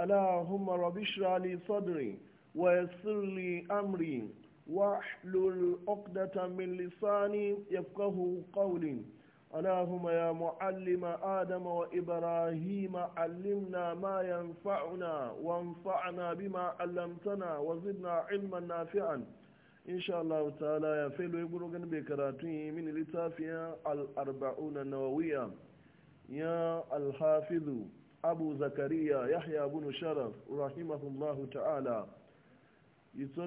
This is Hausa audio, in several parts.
اللهم رب اشرح لي صدري ويسر لي امري واحلل عقدة من لساني يفقه قولي اللهم يا معلم آدم وإبراهيم علمنا ما ينفعنا وانفعنا بما علمتنا وزدنا علما نافعا إن شاء الله تعالى يا فيلو يقولون بكراتي من لتافيا الأربعون النووية يا الحافظ abu zakariya yahya bunu sharaf rahimahullahu ta'ala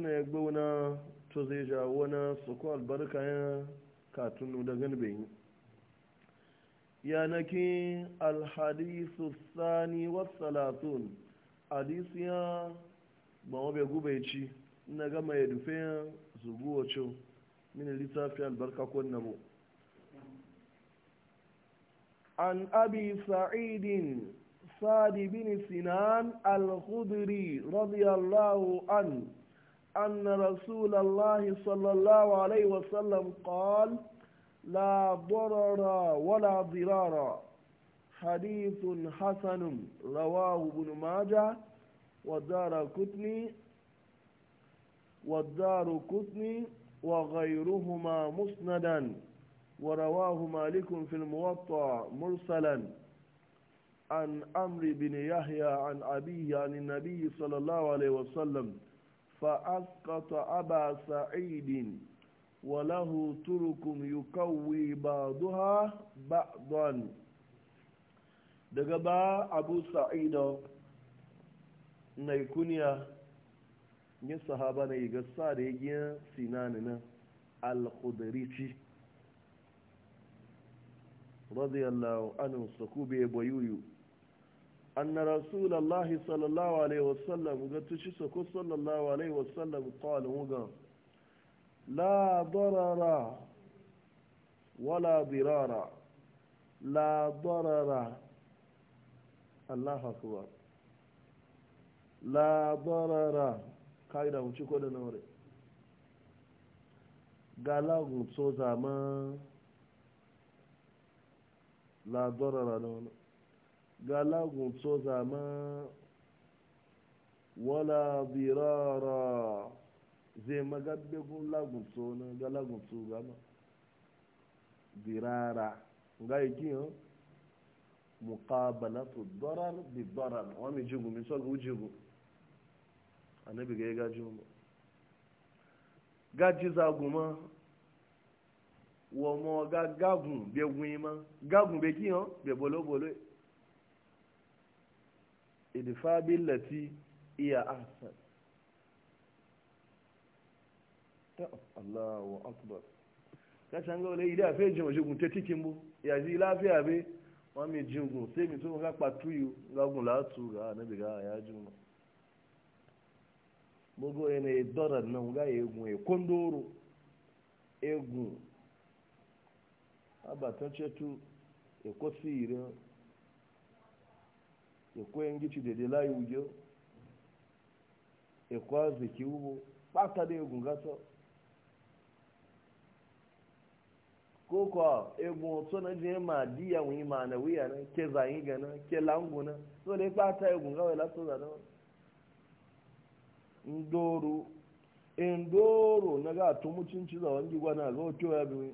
na ya gbauna to zai ja wani soko albarka ya katunu da ganibin yanaki alhadisu sani wasalatun hadisiya ba wabe gubaici na gama ya dufe zuguwacin mini littafi albarka ko nabo an abi sa'idin سعد بن سنان الخدري رضي الله عنه أن رسول الله صلى الله عليه وسلم قال لا ضرر ولا ضرار حديث حسن رواه ابن ماجه ودار كتني والدار كتني وغيرهما مسندا ورواه مالك في الموطأ مرسلا عن عمرو بن يحيى عن أبيه عن النبي صلى الله عليه وسلم فأسقط أبا سعيد وله ترك يكوي بعضها بعضا daga ba abu sa'ido na kuniya yin sahaba na yi gasa da yi sinanina al-khudarici radiyallahu anhu bayuyu أن رسول الله صلى الله عليه وسلم قد تشسكو صلى الله عليه وسلم قال وقال لا ضرر ولا ضرار لا ضرر الله أكبر لا ضرر قاعدة مشكو لنوري قالوا متصوزا لا ضرر لنوري galagun to zama wala birara zai magabbe gun lagun to na galagun to gama birara ga yi muqabalatu darar bi darar wani jigu min so gu jigu annabi ga ga jugu ga ji zaguma wo mo ga gagun be gwima gagun be kiyan be bolo bolo idfa billati iya ahsan ta Allahu akbar ka sanga wala ida fe jin ojogun te tikin bu ya ji lafiya be wa mi jingun se mi to ga patuyu ga gun la tu ga na bi ga ya jun bogo ene dora na ga egun e kondoro egun abatan chetu e kosire ekwe ngichi dede layi ujo ekwa ziki ubo kpata da egun gato ko kwa egun na je ma di ya wi ma na wi ya na ke za yin gana ke langu na so le kpata egun gawe la na ndoro endoro na ga to mucin ci za wangi gwana ga ya bi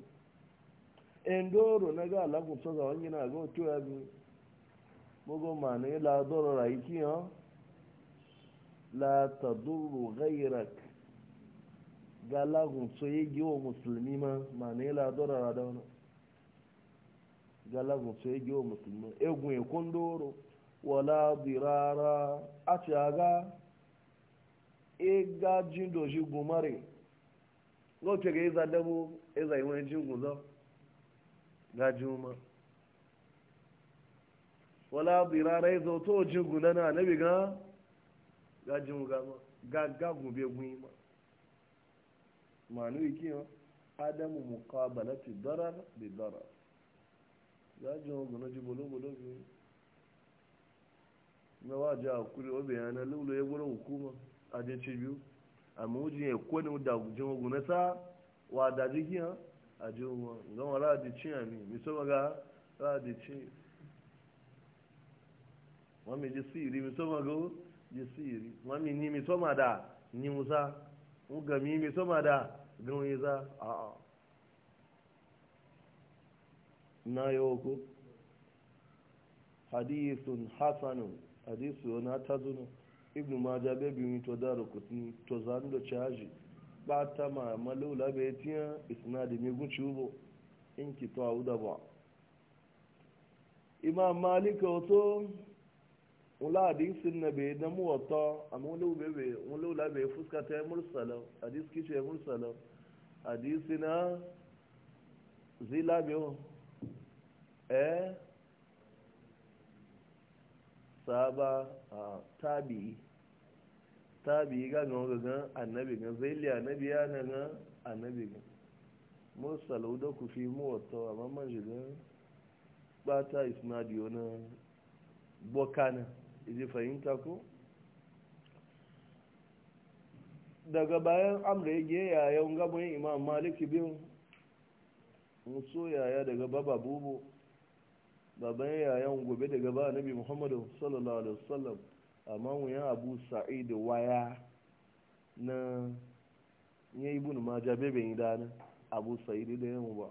endoro e na ga lagun so za wangi na ga oto ya bi mugu mana yi ladoro raiki yan la ta duru gairak ga lagun so yi giwo musulmi ma mana yi ladoro radona ga lagun so yi giwo musulmi egun ekun doro wala dirara a ti aga iga jindo shi gumare ga oke ga iza dabo iza iwe jingun zo ga e juma wala birarai zo to ji gunana na biga gajin gama gaggagun bai gunyi ma manu iki yau adamu muqabalati darar bi darar gajin mu ji bolo-bolo biyu na waje a kuri obi yana lulu ya gura hukuma a je ci biyu amma wujin ya kone da gujin guna sa wa da jikin a jiwa gama radi ci a ne misalwa ga radi ci mami ji siri mi soma go ji siri mami ni mi soma da ni musa uga mi mi soma da gani za a a na yau ko hadisun hasanun hadisu na ta zuna ibnu maja bebi mi to da rukutun to zan da caji ba ta ma malula bai tiya isnadi mi gunci ubo in ki to auda ba imam malika wato wula hadisin na bai na muwata amma wula bai fuska ta yi mursala hadis kice ya mursala hadisi na zila biyu eh saba a tabi tabi ga ga gagan annabi ga zaili annabi ya na ga annabi ga mursala da ku fi muwata amma man shiga ba ta bokana iji fahimta ko daga bayan amra ya yayan gabayin imam maliki bin musu yaya daga baba bubu baban yayan gobe daga ba nabi muhammadu sallallahu alaihi wasallam amma wuyan abu sa'id waya na ya yi bunu ma jabe dana abu sa'id da yamu ba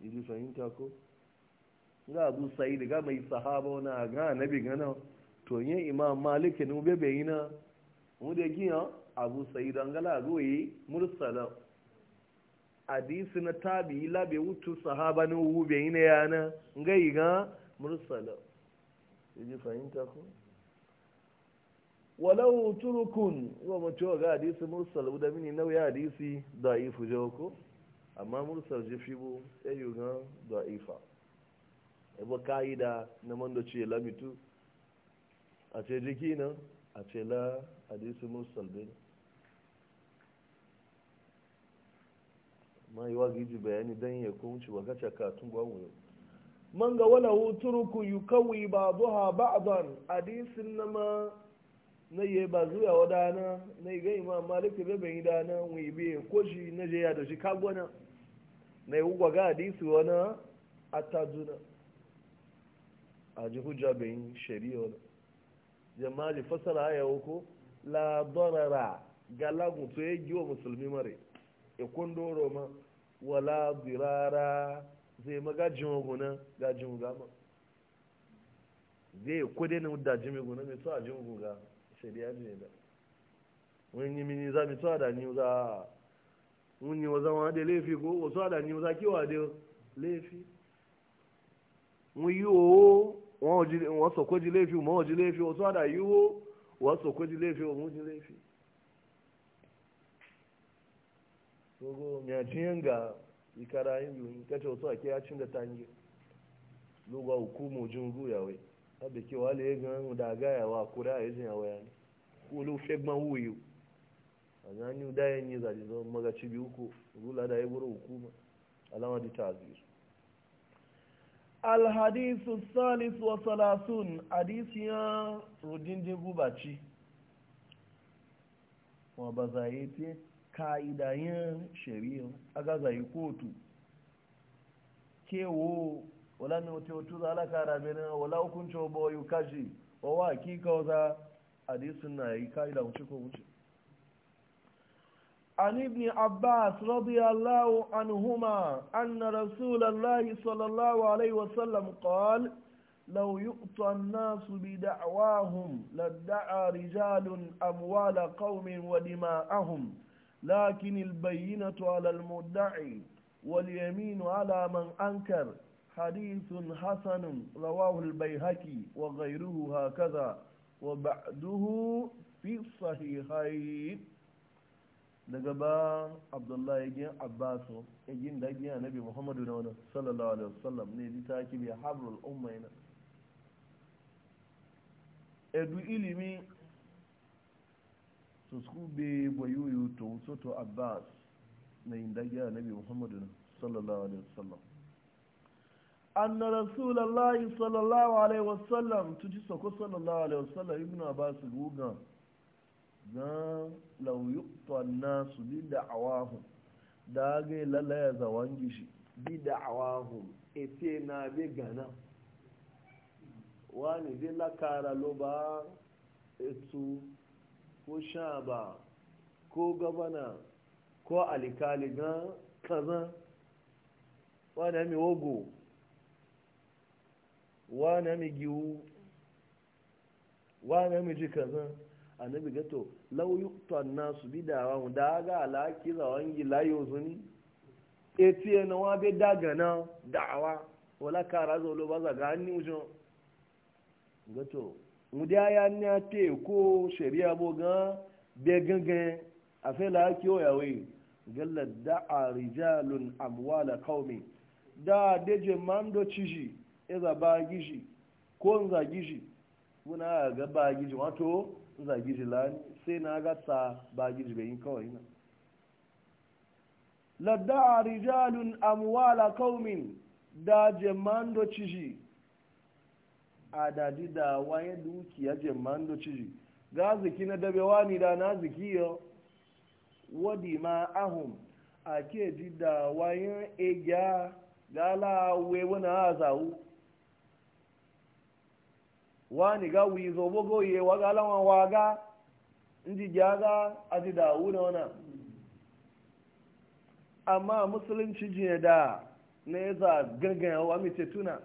iji fahimta ko ga abu sa'id ga mai sahaba na ga nabi gana to yin imam malik ne bebe yi na mu da giya abu sa'id an gala go yi mursala hadisi na tabi la be wutu sahaba ne wu be yi na yana ga yi ga mursala yaji fahimta ko walau turukun wa mutuwa ga hadisi mursala da mini nauyi hadisi ifu jawo ku amma mursal jifi bu sai yi ga ifa. ebe ka'ida na mandoci la lamitu a ce jiki nan a ce la hadisi musul bin ma yi wa giji bayani don ya kunci wa gacha katun gwanwo yau man ga wala huturuku yi kawai ba zuha ba'adon hadisin na ma na yi ba zuwa wadana na yi gani ma malika bebe yi dana wani biye ko shi na je ya da shi kagwana na yi gwaga hadisi wani a tajuna a ji hujja bayin shari'a jama'a ji fasara ya ko la darara ga lagun to ya giwa musulmi mare ikon doro ma wala birara. zai ma gajin waguna gajin gama zai kudi na da jimi guna mai to a jin guga shari'a ne da wani mini za mi to a da ni za mun yi wazan wa da laifi ko wasu a da ni za kiwa da laifi mun yi owo wọ́n sọ̀kọ́ jí léèfì mọ́ jí léèfì wọ́n sọ́dà yíwó wọ́n sọ̀kọ́ léèfì wọ́n jí léèfì. gbogbo mìíràn ga ìkara yìí kẹ́tẹ́ ọ̀tọ́ àkẹ́ àchíńdà tangi lóga òkú mọ̀jún gúyàwó àbẹ̀kí wà lè gan ọ̀dàgá yàwó àkúrẹ́ àyẹ̀sìn yàwó yàní kó ló fẹ́ gbọ́n wò yìí a zanen dayan yi zaje zama magaci biyu ko rula da boro hukuma alama da ta azizu alhadisu Salisu wa salasun hadisiyan rudindin gubaci wa ba za yi ya ka'idayen shari'in aga za yi kotu kewo wulani otu za alaka rabin wala hukuncin obo yi kashi wa wa kika za hadisun na yi ka'ida wuce ko wuce عن ابن عباس رضي الله عنهما أن رسول الله صلى الله عليه وسلم قال لو يؤتى الناس بدعواهم لدعى رجال أموال قوم ودماءهم لكن البينة على المدعي واليمين على من أنكر حديث حسن رواه البيهقي وغيره هكذا وبعده في الصحيحين daga ba abdullahi ya gina abbasu ya gina da gin nabi muhammadu na wani sallallahu alaihi wasallam ne ji ta kibiya habrul umma yana edu ilimi su su be bayuyu to soto abbas na yin dagi nabi muhammadu na sallallahu alaihi wasallam أن rasulallah الله alaihi الله عليه وسلم تجي سكو صلى الله عليه وسلم ابن عباس قوغان E na lauyukton nasu bi da'awahun da ga lalaya zawon gishi bi da'awahun efe na bi gana wani bi lakara lo ba etu ko sha ba ko gabana ko alikali na kaza wani mi ogo wani mi giwu wani mi ji kaza annabi ga to law yuqtan nasu bidawa da ga alaki wangi layo zuni e na wa be daga na da'awa wala kara zo lo ba hannu ujo ga to mudiya ya ni ate ko sharia bo ga be gangan afela ki o yawe galla da'a rijalun amwala qaumi da deje mando ciji eza ba gishi ko nza gishi muna ga ba gishi wato za giji lani sai na ga sa ba giji bai yin kawai na a rijalun amwala kaumin da jemando ciji a daji da waye dukiya jemando ciji ga ziki na dabewa ni da na ziki yo wadi ma ahum a ke ji da waye egya gala wewe na zawu wani ga wi zo bogo ye waga lawan waga ndi jaga adi da wuna wana amma musulunci jiya da ne za gangan wa mice tuna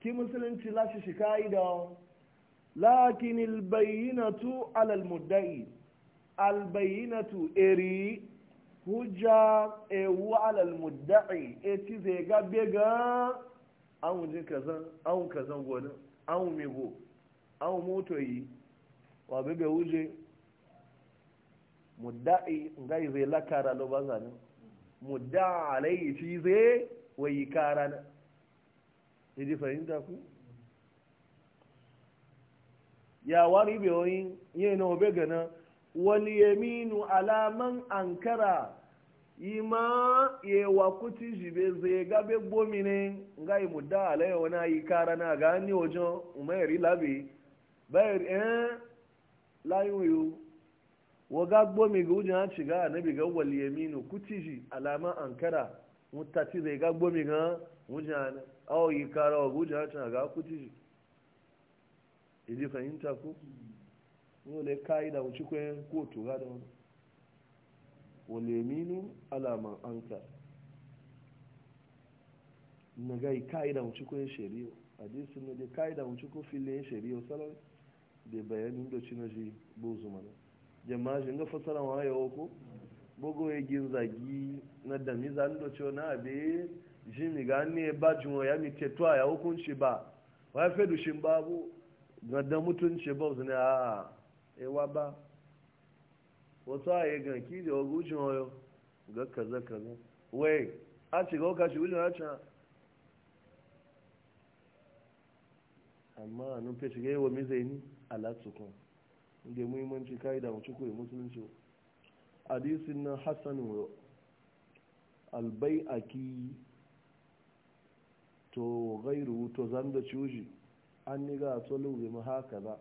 ki musulunci lashi shi da lakin albayyinatu alal muddai albayyinatu eri hujja ewu alal muddai e ti ze ga bega awon jin kazan awon kazan gwanin awon mego awon moto yi wa bebe wuje mudda'i ngai zai lakara lo ba mu mudda'a alayi fi zai wayi kara na idi fahimta ku ya wari bewoyin yana obe gana wani yaminu alaman ankara ima yewa kuti jibe be gabe gbomine nga imu da alaye wani yi kara na eh, ga ni ojo umayari labi bayar eh layuyu wa ga gbomi ga ujan shiga anabi ga wal yaminu kuti ji alama ankara mutati zai ga gbomi ga ujan aw yi kara wa ujan ta ga kuti ji idi fahimta ko ne kai da wuci ko kotu ga da wani waleminu alaman anka na gai ka'ida mu cikin shari'a hadisin na dai ka'ida mu cikin filin shari'o salon da bayanin da na shi bozu mana jama'a shi ga fasara wa yawo ko bugu ya gin zagi na dami zan da cewa na abe ji mi ga ne ba juwa ya mi tetuwa ya hukunci ba wa ya fedu shi babu ga da mutunci ba su ne a ewa ba wasu a yi ganki da wagucin wayo ga kaza kaza wai a ci ga kashi wuli na can amma a nufe shiga yi wa mizaini a latsukun inda muhimmanci kayi da mutu koyi musulunci hadisin na hassan albai aki to gairu to zanga da ciwuji an ni ga tsolin rima haka ba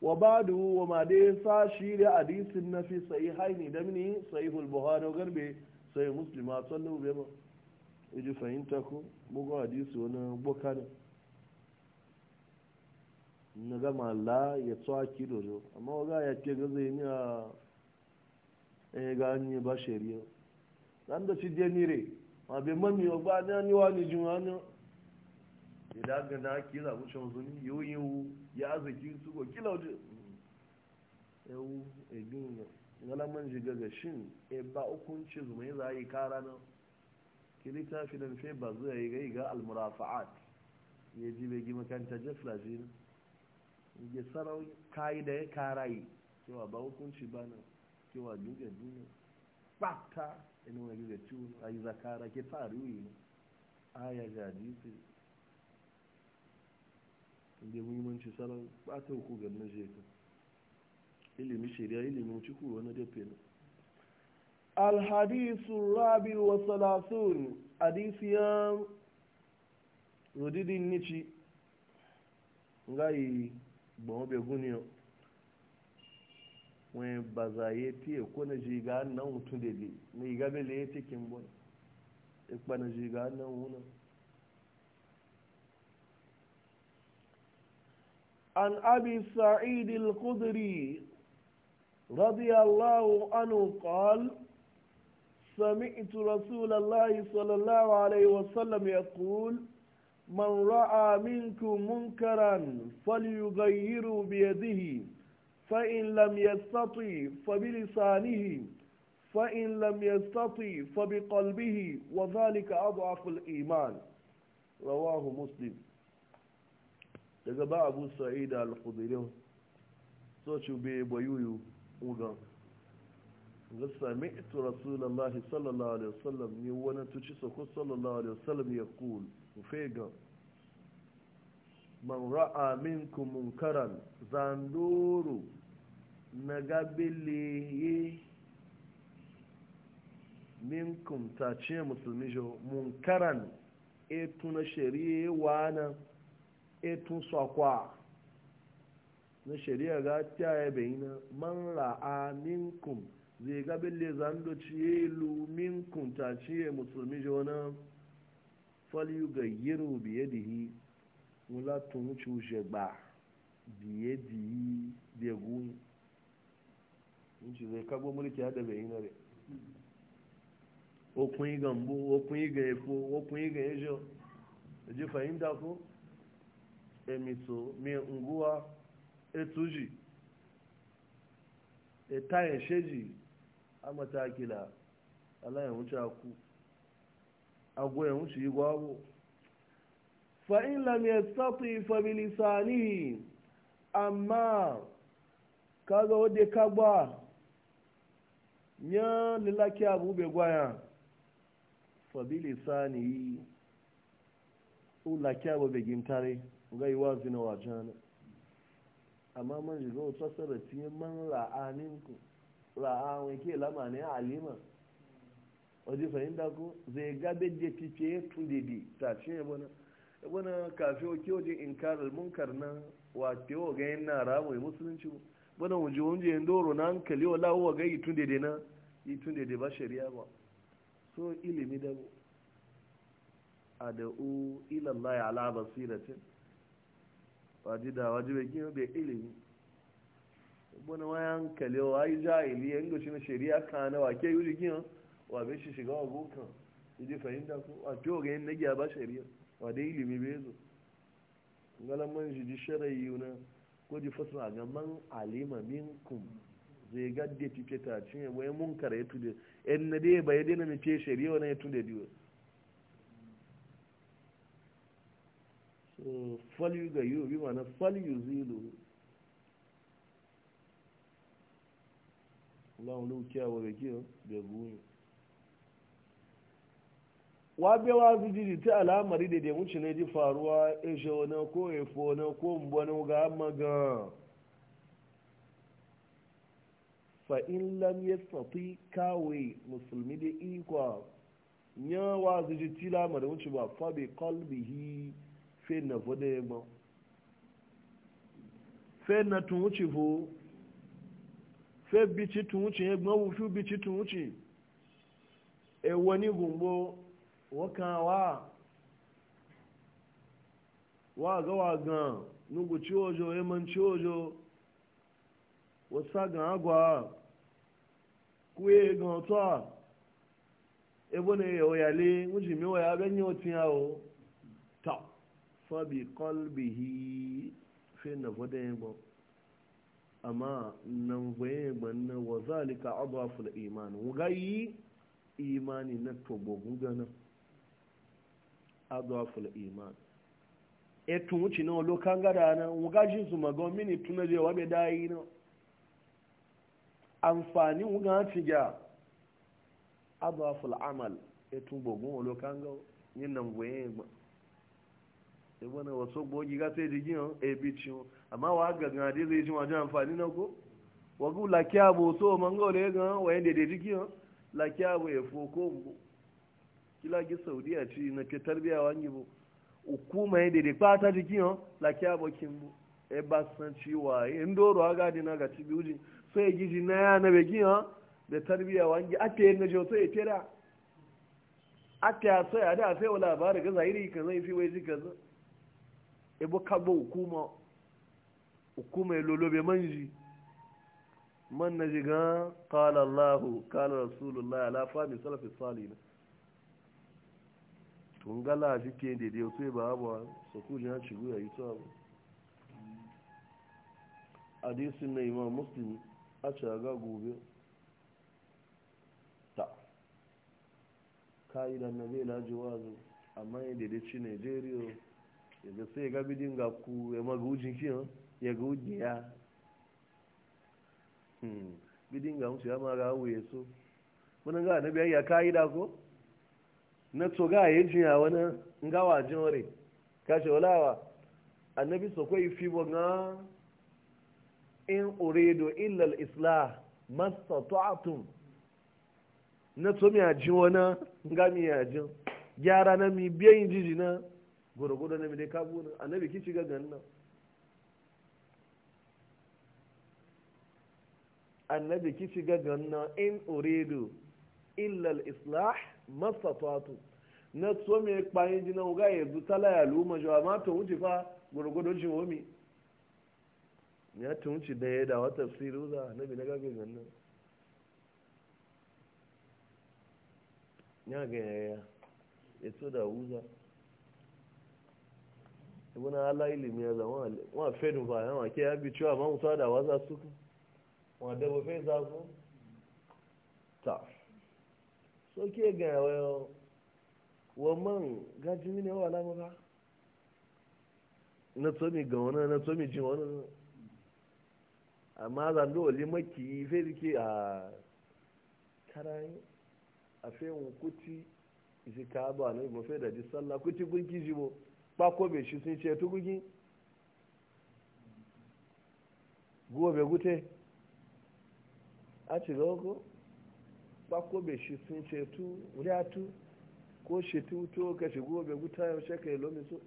wa badu wa ma dai shi da hadisin na fi sai haini da mini sahihul buhari garbe sai muslima sallu bai ba iji fahimta ko bugu hadisi wani boka ne na gama la ya tsawa ki jo amma waga ya ke zai yi a ɗaya eh, ga an ba shari'a ɗan da ci je nire ma bai mami ba ni an wa ni juma idan ga na ki zaɓi shan zuni yoyin ya arziki su ko kila wajen yau egin galaman jiga ga shin e ba hukunci zumai za a yi kara nan ki littafi nan fe ba zuwa yi gai ga almurafa'at ya ji bai gima kanta jefla ji na ya sarau kayi da ya kara yi cewa ba hukunci ba nan cewa duka duniya ɓata ina wani da ciwo a yi zakara ke fari yi aya jadisi da muhimmanci salon bata ku ga na jeka ilimi shari'a ilimi wuce wani dafe ne alhadisu rabi wa salasun hadisiyan rudidin nici ngayi gbọmọ bẹ guniyan wọn yi tiye ko na jiga nan mutu dede na iga le ya tekin bọn ikpa na jiga nan wunan عن أبي سعيد الخدري رضي الله عنه قال سمعت رسول الله صلى الله عليه وسلم يقول من رأى منكم منكرا فليغيره بيده فإن لم يستطع فبلسانه فإن لم يستطع فبقلبه وذلك أضعف الإيمان رواه مسلم daga ba abu sa'i da alkhudirin so ci be bayuyu ugan ga sami'tu rasulallahi sallallahu alaihi wasallam ni wani tuci sako sallallahu alaihi wasallam ya kul fega man ra'a minkum munkaran zanduru na gabili minkum ta ce musulmi jo munkaran e tuna shari'a wana etun sakwa na shari'a ga tiyaye bayina man ra'a minkum zai ga bille zando ciye lu minkum ta ciye musulmi jona falyu ga yiru biye dihi mula tun cushe gba biye dihi biye guni in ci zai kagbo mulki ya da bayina re okun iga mbu okun iga efo okun iga ejo e ji fahimta ko emiso mi nguwa etuji etayin sheji a matakila alayin wuce aku agwayin wuce yi gwabo fa'in lam yastati fa bilisanihi amma kaga wadda ka gba nya lilaki abu bai gwaya fa bilisanihi ulaki abu bai gimtare gai wazi na wajana amma man ji zo da tiye man la'aninku. ku ra'a ke lama ne alima waje fahimta ko zai gabe da fice tun bi ta ce ya bana bana kafe oke ke waje in karar munkar na wa ke wa ga yin nara mai musulunci bana wuje wuje yin doro na hankali wa lawo ga yi tun dede na yi tun da ba shari'a ba so ilimi da adau ya ala basiratin faji da waji bai gina bai ilimi wani wayan kalewa ai jahili yan shi na shari'a kana wa ke yuji gina wa be shi shiga wa gokan yaji fahimta ko a to ga yin nagiya ba shari'a wa dai ilimi bai zo galan man shi ji sharayi na ko ji fasara ga man alima minkum zai gadde tiketa cin ya wayan munkar ya tude yan na dai bai dena mace shari'a na ya tude diwa falyu bi mana àwọn wa ta al'amari da da wuce ne ji faruwa ishe wani ko fi wani ko mbani ga maga fa'in lam ya tsafi kawai musulmi da ikwa yawa zujiri ti wuce ba fabi kalbihi fe na vode ma fe na tun wuce vo fe bici tun e wuce ya gbọ́n wufi bici tun wuce e wani gumbo wakawa waga wagan nugu ci ojo eman ci ojo wasa gan agwa kuye gan to a ebo ne yo yale ya otin fabi qalbihi fe na vode yegbo amma nan voye yegbo na wa zalika adafu al iman yi imani na tobo gungana adafu al iman etun wuce na olo kangara na wugajin su mago mini tuna je wabe dayi na amfani wuga ci ga adafu al amal etu bogun olo kangara yin nan voye yegbo ibana wasu tó ga sai jigin yan ebici amma wa ga ga dai zai ji wajen amfani na ko wa gu lakiya bo so man ga wale ga wa yanda dai jigin yan lakiya bo ya fo ko bo kila gi saudiya ci na ke tarbiya wangi bo hukuma yanda dai pata jigin yan lakiya bo kin bo e ba san ci wa indoro e aga dina ga ci biuji sai giji da tarbiya wangi ate na ebo kagbo hukuma hukuma ya lolobe manji man na gan kala allahu kala rasulullah ala mai salafi salina tun gala ji ke da da sai ba abuwa su ku jina ci guya yi tsawo hadisin na imam muslim a ci aga gobe ta ka'idan na zai laji wazo amma yadda da ci nigeria yaga sai ga bidin ga ku ya maga ujin kiyan ya ga ujin ya hmm, bidin ga mutu ya ma ga wuye so wani ga na biyayya ka yi da ko na to ga ya jin ya wani ngawa jin ware kashe walawa annabi so kai fi bo ga in uridu illa al islah mastata'tum na to mi ajin wani ga mi ajin gyara na mi biyayin jiji na gwargwado na mai ka buɗe annabi ki shiga ganna annabi ki shiga ganna in uridu illal islah mastata'tu na so me kpayin jina uga yanzu tala ya luma jo amma to wuce fa gwargwado shi womi ya to wuce da ya dawa tafsiru za annabi na gaga ganna ya ga yaya ya so da wuza ibn ala ilimi ya zama wa fedun ba yawon ake ya bi cewa ma musa wa za su ku wa da ba fai za ku ta so ke ga yau? wa man gaji mini wa alamu ba na tsomi ga wani na tsomi jin wani amma zando wali maki fai rike a karayi a fai kuti isi ka ba na mafi da ji sallah kuti gunki bo. ko bai shi sun ce tukuki gobe gute a ci ko ko bai shi sun ce tu tu ko shi tu to ka shi gobe guta yau shi ka yi lomi su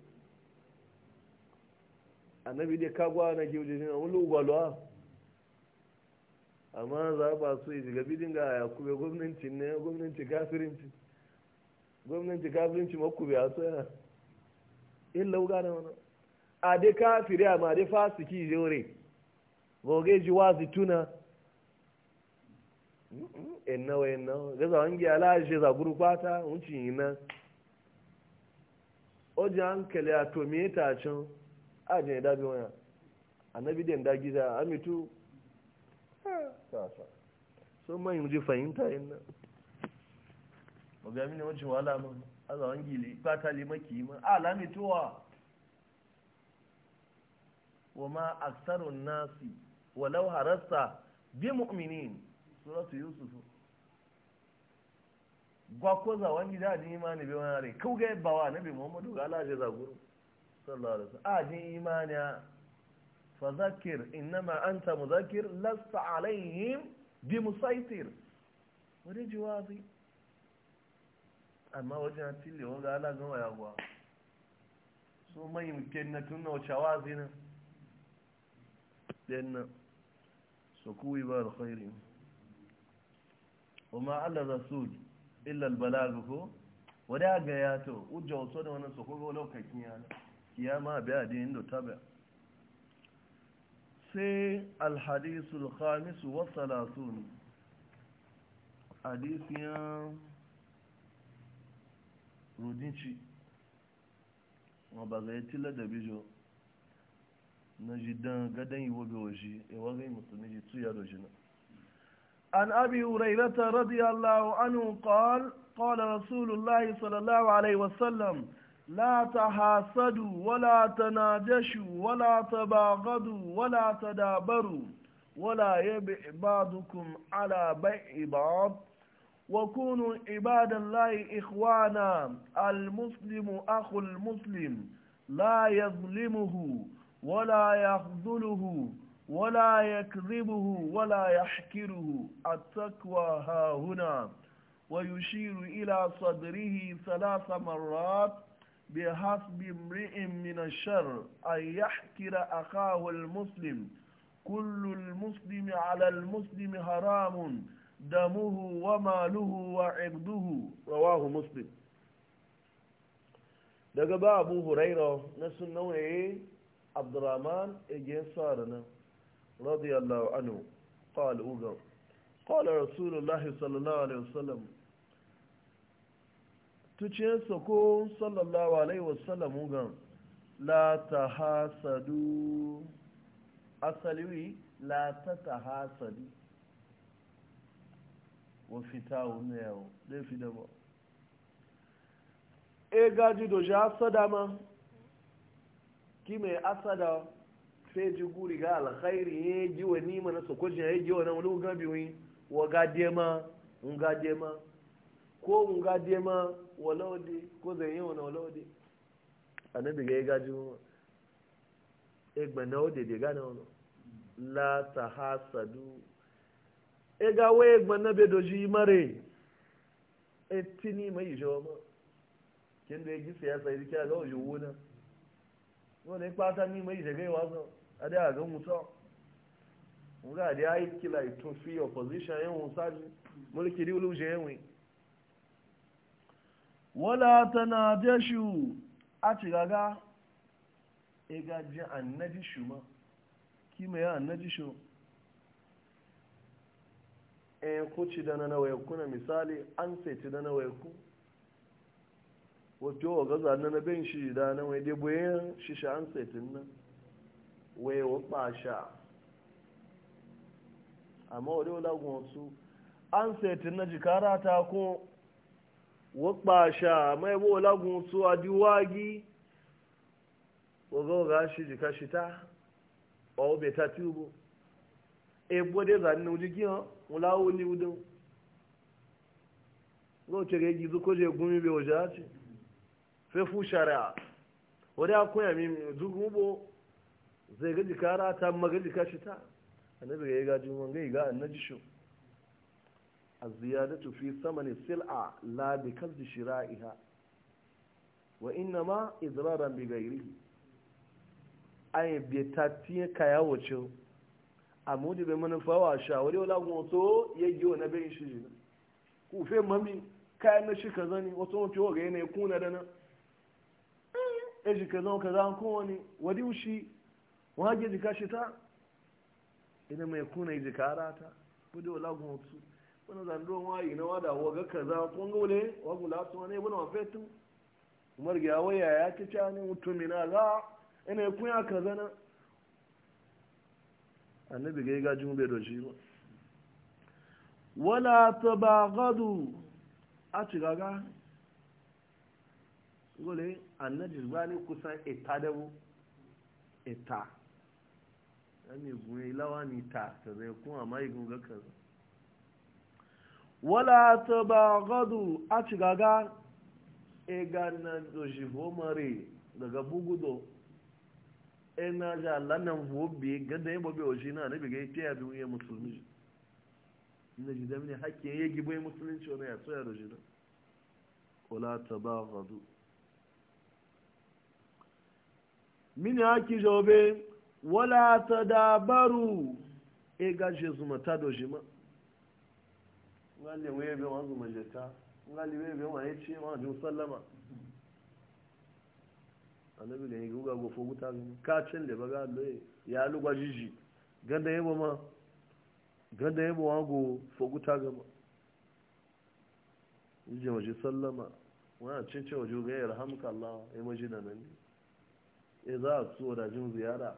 annabi dai kagwa na giyo jini a wani ugbalwa amma za ba su yi shiga bidin ga ya kube gwamnati ne gwamnati kafirinci gwamnati kafirinci makube a soya illa uga na wani ade kafiri ama ade fasiki jore goge ji wazi tuna enna wa enna gaza wangi alaje za guru yi unci o ji hankali a to me ta can A da bi wani annabi den da gida amitu so man yi fahimta yin nan ba ga mini wajen wala azawon gili fata limaki ma alami ah, towa wa ma aksarun nasi walau harasta bi mu'minin suratu yusufu gwa ko zawon da ajin ah, imani bai wani rai kau ga bawa na bi muhammadu ga alaje zaguru sallallahu alaihi wasallam ajin ah, imani fa zakir innama anta muzakir lasta alaihim bi musaitir wani jiwazi amma wajen tille wanga ala gama guwa so mai mutum na tun na wacewa zina na ɗan na so kuwi ba alkhairi kuma allah rasul illal albalagu ko wadda ga ya to ujja wasu da wani so kogo lokacin yana kiyama biya da yin da tabi sai alhadisul khamis wa salatun hadisiyan rudici ba ga yi da bijo na ji dan gadon yi ga waje yawa ga yi mutum ji tuya da shi an abi hurairata radiyallahu anu qal qala rasulullahi sallallahu alaihi wasallam la hasadu wala ta tanajashu wala ta tabagadu wala ta dabaru wala ya yabi ibadukum ala bai ibadu وكونوا عباد الله إخوانا المسلم أخو المسلم لا يظلمه ولا يخذله ولا يكذبه ولا يحكره التقوى ها هنا ويشير إلى صدره ثلاث مرات بحسب امرئ من الشر أن يحكر أخاه المسلم كل المسلم على المسلم حرام damuhu wa maluhu wa ibduhu rawahu muslim daga ba abu huraira na sunan waye abdurrahman ege sarana radiyallahu anhu qala uga qala rasulullahi sallallahu alaihi wasallam tuce sako sallallahu alaihi wasallam uga la tahasadu asaliwi la ta tatahasadu wọ́n fi ta òun ní ẹ̀wọ̀n léfi dẹ̀bọ̀. e gaji doshi asada ma ki mai asada sai ji alkhairi ya ji wa nima na sokojin ya ji wa na wani gabi wani wa gadiye ma in gadiye ma ko in gadiye ma walaudi ko zai yi wani walaudi annabi ga ya gaji ma egbe na ode de gane wani la ta hasadu ega wee gbana be doji mare etini mai jo ma kin da yake siyasa yi e kya ga ojo wona wona e pa ta ni mai je ga e wazo ade a ga muto nga ai kila to fi opposition yin usaji mulki di uluje enwe. wala tanajashu a ci gaga ega ji annaji shuma kima ya annaji shuma en kuci da na wayakku na misali an na da na wato wa gaza na ben shi da na wai dai boye shi sha an saitin nan wai wa basha amma wa dole gun su an na jikara ta ko wa basha mai bo lagun su a diwagi wa ga ga shi jika shi ta o be ta tubu e dai mulawo liudin lóòtù rẹ̀ gizu kó jẹ gúnmi bí ọjà àti fẹ́ fún ṣàrà wọ́n dá kún ẹ̀mí zugun bó zai gaji kara ta magaji kashi ta annabi ga ya gaji wọn gai ga annaji shi a ziyadatu fi sama ne sil'a la bi kalbi shira'iha wa inna ma izraran bi gairi an yi betatiye kayawo cewa amudi bai manufa wa shawari wala goto ya gi wani bai shi jina ku fe mami kayan na shi kaza ne wato mafi waga yanayi kuna da nan ya shi kaza kaza an kowane wadi ushi wage jika shi ta idan mai kuna jika rata kudi wala goto wani zandon wayi na wada waga kaza kun gaule wagu latu wani wani mafetu umar ga waya ya ci ca ne mutumina za ina ya kunya kaza na annabi ga ga jumbe do shi wala tabaghadu a ci gaga gole annabi bani kusan ita da mu ita ami gune lawa ni ta ta zai kuma mai gunga kaza wala tabaghadu a ci gaga e ga na do shi daga bugudo ina ja lannan hobe gadda yin bobe oji na nabi gai ta yabi ya musulmi ina ji damini hakkin ya gibai musulunci wani ya tsoya da jina kula ta ba gadu mini haki jobe wala ta dabaru e gaje zuma ta doji ma ngali webe wanzu majeta ngali webe wani ce wani sallama annabi da ya guga gofo guta kacin da baga loye ya lugwa jiji ganda yabo ma ganda yabo go fo guta gama ije waje sallama wani cin ce waje ga ya hamka Allah ya maji da nan ya za a su wadajin ziyara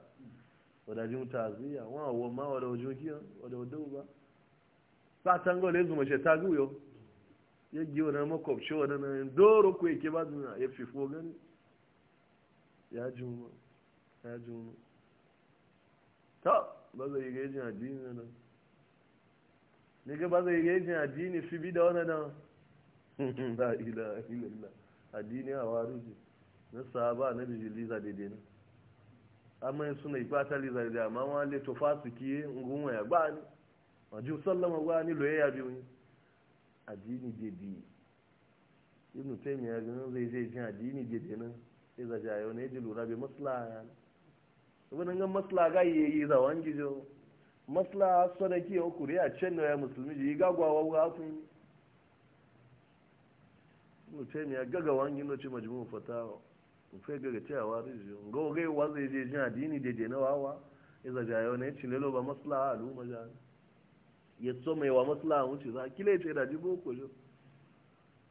wadajin taziya wani awon ma wada waje kiyan wada wada ba satan gole zuma ce ta guyo ya giyo na makwabci wadana doro ku yake ba zuna ya fifo gani ya juma ya juma ta ba zai ga yajin addini nan ne ga ba zai ga yajin addini fi bi da wani nan la ila ila addini a wariji na saaba na bijiliza daidai na. amma suna yi fata liza da amma wale to fasiki ngunwa ya gbani waju sallama gbani loye ya biyu ne addini daidai ibnu taymiya ga zai zai jin addini daidai na. iza jayo ne ji lura bi maslaha wani. ibn ngan maslaha ga yi za wangi jo maslaha sadaki o kuri a cen ya musulmi ji ga gwawa ga kun mutum ya gaga wangin da ce majmu'u fatawa fe gaga cewa rijiyo ga ga wazo je jin addini da je na wawa iza jayo ne ci lelo ba maslaha luma ja ya so mai wa maslaha wuce za kile ce da ji boko jo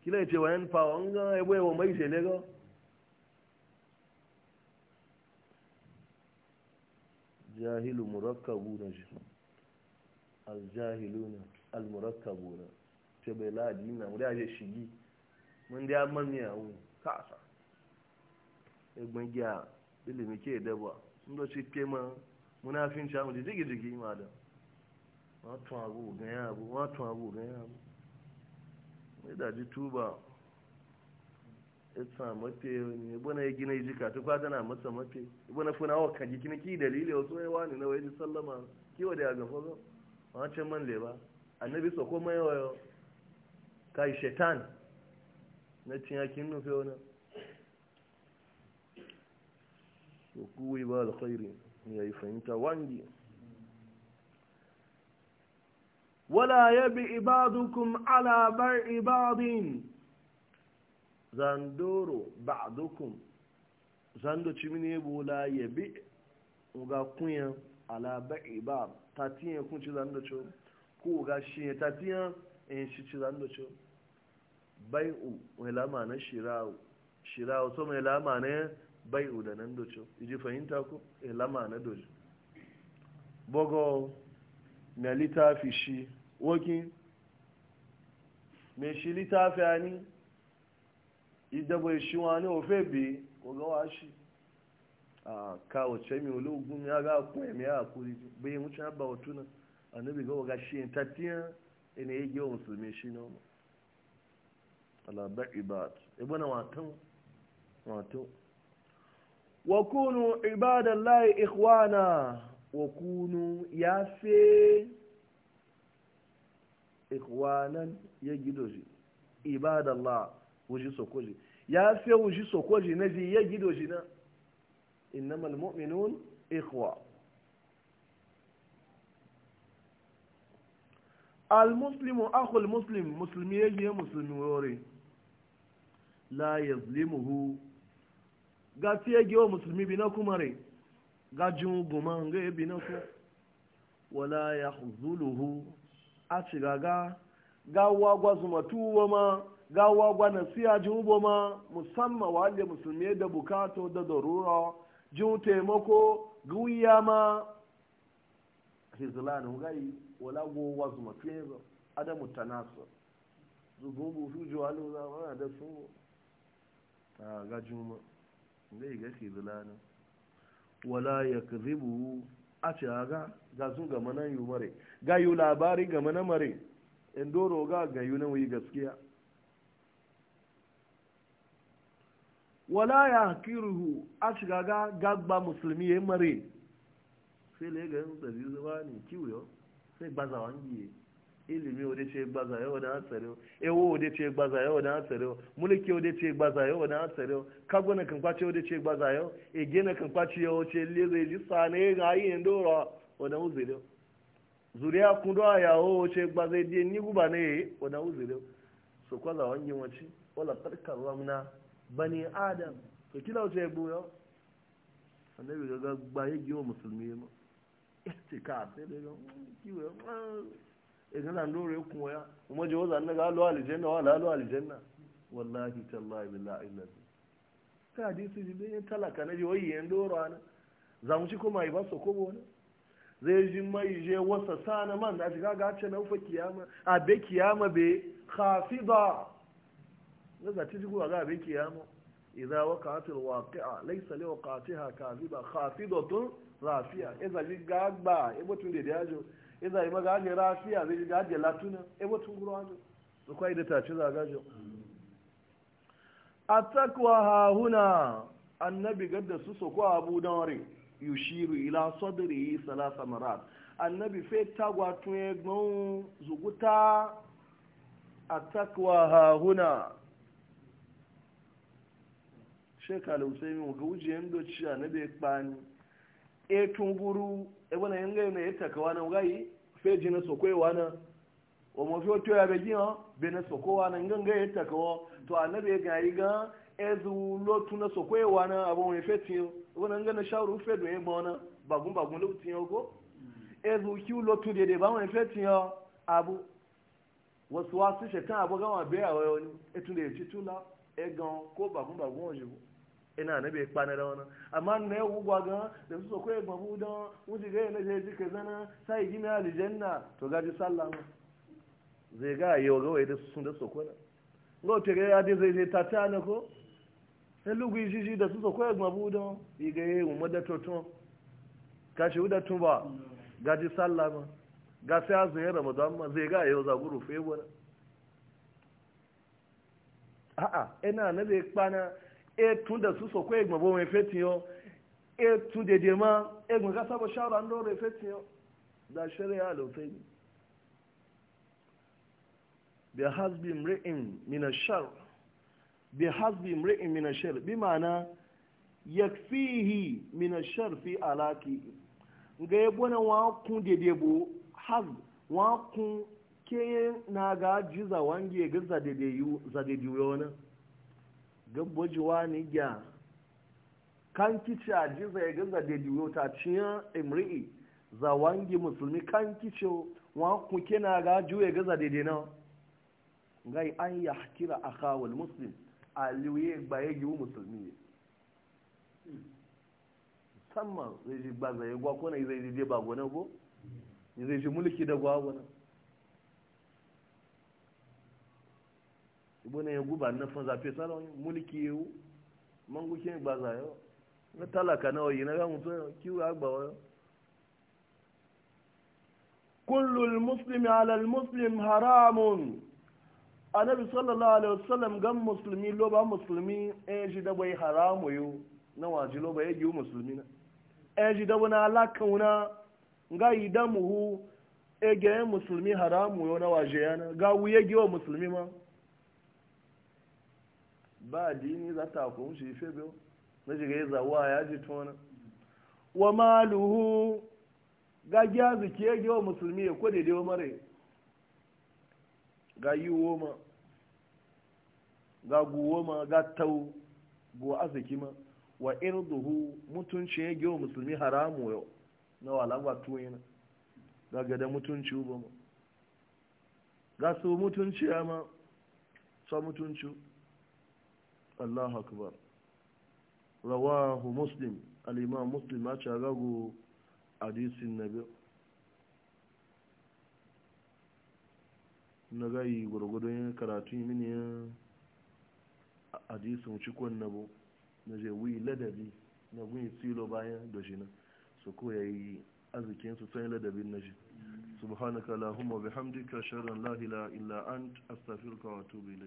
kile ce wa yan fa ya ebo wa mai shele ga aljahilu murakkabuna ji aljahiluna almurakkabuna ce bai ladi na wuri aje shigi mun da man ya wu kasa egbon giya ilimi ke daba sun da ci pema munafin sha mu jigi jigi ma da wọ́n tún àbò gan yá àbò wọ́n tún àbò gan yá àbò nídàájú isa mafi ne bana ya gina yi jika tukwa tana masa mafi bana funa wa kaji kini ki dalili wasu ya wani na waje sallama kiwa da ya gafa zo a can man leba annabi so ko mai wayo kai shaitan na cin yakin nufi wani ko kuwi ba alkhairi ya yi fahimta wangi wala yabi ibadukum ala bar ibadin zandoro ba'dukum zando chimini bula bi uga kunya ala ba'i bab tatiya kun ci zando cho ku ga shi tatiya in shi ci zando cho bai'u wala mana shira'u shira'u so mai lama ne bai'u da nan docho iji fahimta ko e lama na docho bogo na litafi shi wokin me shi litafi ani ìdẹ́bọ̀ ìṣúná ní òfé bí kò gọ́wà ṣì ka òṣè mi ológun mi ara kún ẹ̀mí àkúrí bẹ́ẹ̀ ń ṣe bá ọtún náà ànábì gọ́wà ga ṣe ìta tíyàn ẹni èyí jẹ́ mùsùlùmí ṣí náà alábẹ́ ìbáàt ẹgbọ́n náà wọ́n tán wọ́n tán wọ́kúnù ìbáàdà láì ìkwánà wọ́kúnù yáfẹ́ ìkwánà yẹ sí ìbáàdà láì wuji sokoji ya fi wuji sokoji na ji ya gido ji na innamal mu'minun ikhwa almuslimu akhul muslim musulmi ya ji musulmi wore la yazlimuhu ga fiye giwa musulmi bi na kuma rai ga jin goma ga bi na ku wala ya zuluhu a ci gaga gawa gwazumatu wa ma gawa gwana siya ji ubo ma musamman wa hali musulmi da bukato da darura ji taimako guya ma hezulani gai wala gowa zuma fiye ba adamu tanasir zugubu su ji wani za mana da su a ga juma zai ga hezulani wala ya kazibu a ce ga ga sun gama nan yi mare ga yi labari gama na mare indoro ga ga yi nan wuyi gaskiya wala ya kiruhu a shiga ga gagba musulmi ya yi mare sai da ya ga yin tsari zuwa ne kiwo sai gbaza wangi ilimi wadda ce gbaza yau da hatsari ewo wadda ce gbaza yau da hatsari mulki wadda ce gbaza yau da hatsari kagwa na kankwace wadda ce gbaza yau ege na kankwace yau ce lezai ji sane ga yi yin dora wadda uzuri zuriya kundo a yawo wace gbaza ya ni guba ne wadda uzuri so kwaza wangi wace wala karkar ramna bani adam to kila wuce bu yau annabi ga gba yi giwa musulmi ma ce ka sai da ma e ya gana lore kuma ya kuma je wazan na galo aljanna wa lalo aljanna wallahi tallahi billahi illa ka di su ji bin talaka na je wai yan doro ana za mu ci kuma yi ba so kobo ne zai ji mai je wasa sana man da shiga ga ce na ufa kiyama a be kiyama be khafida gaza ta jigo ga abin kiyama idza waqa'atil waqi'a laysa li waqa'atiha kadhiba khafidatun rafi'a idza gagba e botun de dajo idza ima ga ne rafi'a zai ga de latuna e botun guro ajo to kai da tace za gajo atakwa ha huna annabi gadda su soko abu dawari yushiru ila sadri salasa marat annabi fe tagwa tun egbon zuguta atakwa ha huna shekara usaimin ga ujiyen doci a na bai kpani e tunguru e bana yanga na yata kawa na ngai feji na sokwe wana o mo fio to ya be gina be na sokwe wana nganga yata kawa to annabi ga yi ga ezu lotu na sokwe wana abon e feti bana ngana shawru fe do e bona bagun bagun lotu E ezu ki lotu de de ba e feti yo abu wasu wasu shekan abu ga wa be awo ni etun de titula e egan ko bagun bagun ojibu ina na bai kwana da wani amma na yau gugwa ga da su sokoye babu don wuce gaya na jai jika zana sai gina alijanna to gaji sallah ma zai ga yau ga wai da sun da sokona ga wata gaya dai zai zai tata na ko sai e lugu yi jiji da su sokoye babu don yi ga yi umar da toton kashi wuda tun ba gaji sallah ma ga sai azumin ramadan ma zai ga yau za guru fe a'a ina na bai kwana etun da su sokwe egbe bo me fetiyo etu dede ma egbe ka sabo shawara ndo re fetiyo da sharia lo feni bi hasbi mri'in min ash bi hasbi mri'in min ash bi ma'ana yakfihi min ash fi alaki ga yebona wa kun dede bo has wa kun ke na ga jiza wange ga zadede yu zadede gabbo jiwa ni gya kan kici a jiza ya gaza da diwo ta ciyan imri'i za wangi musulmi kan kici wa ku kina ga juye gaza da dina gai an ya hakira kawal Musulmi muslim aliye gbaye giwu musulmi musamman zai ji ba zai gwa ko na zai ji ba gona ko zai ji mulki da gwagwana. ibona ya guba na fan zafe salon mulki ba za yau na talaka na gamu agbawa yau kullul alal muslim haramun anabi sallallahu alaihi wasallam gan musulmi loba musulmi eh ji da haramu yau na waji loba ba yiwu musulmi na eh ji da alakauna ga idamuhu ege musulmi haramu yau na waje yana ga wuye giwa musulmi ma ba dini za ta kun shi fe biyo na shiga ya zawa ya ji tona wa maluhu ga gya zuke ya wa musulmi ya kwade da mare ga yi woma ga guwoma ga tau go arziki ma wa irduhu mutunci ya gyawa musulmi haramu yau na walagwa tuwena ga gada mutunci uba ga su mutunci ya ma sa mutunci Allahu akbar rawahu muslim al muslim a cagago hadisin nabi na gayi gwargwadon karatun mini yin adisin cikon na biyu. na zai wuyi ladabi na gunyi tsilo bayan da shi na su ko ya yi arzikin su tsayin ladabin na shi subhanaka lahumma bihamdika sharan la lahila illa ant astaghfiruka wa atubu ilayk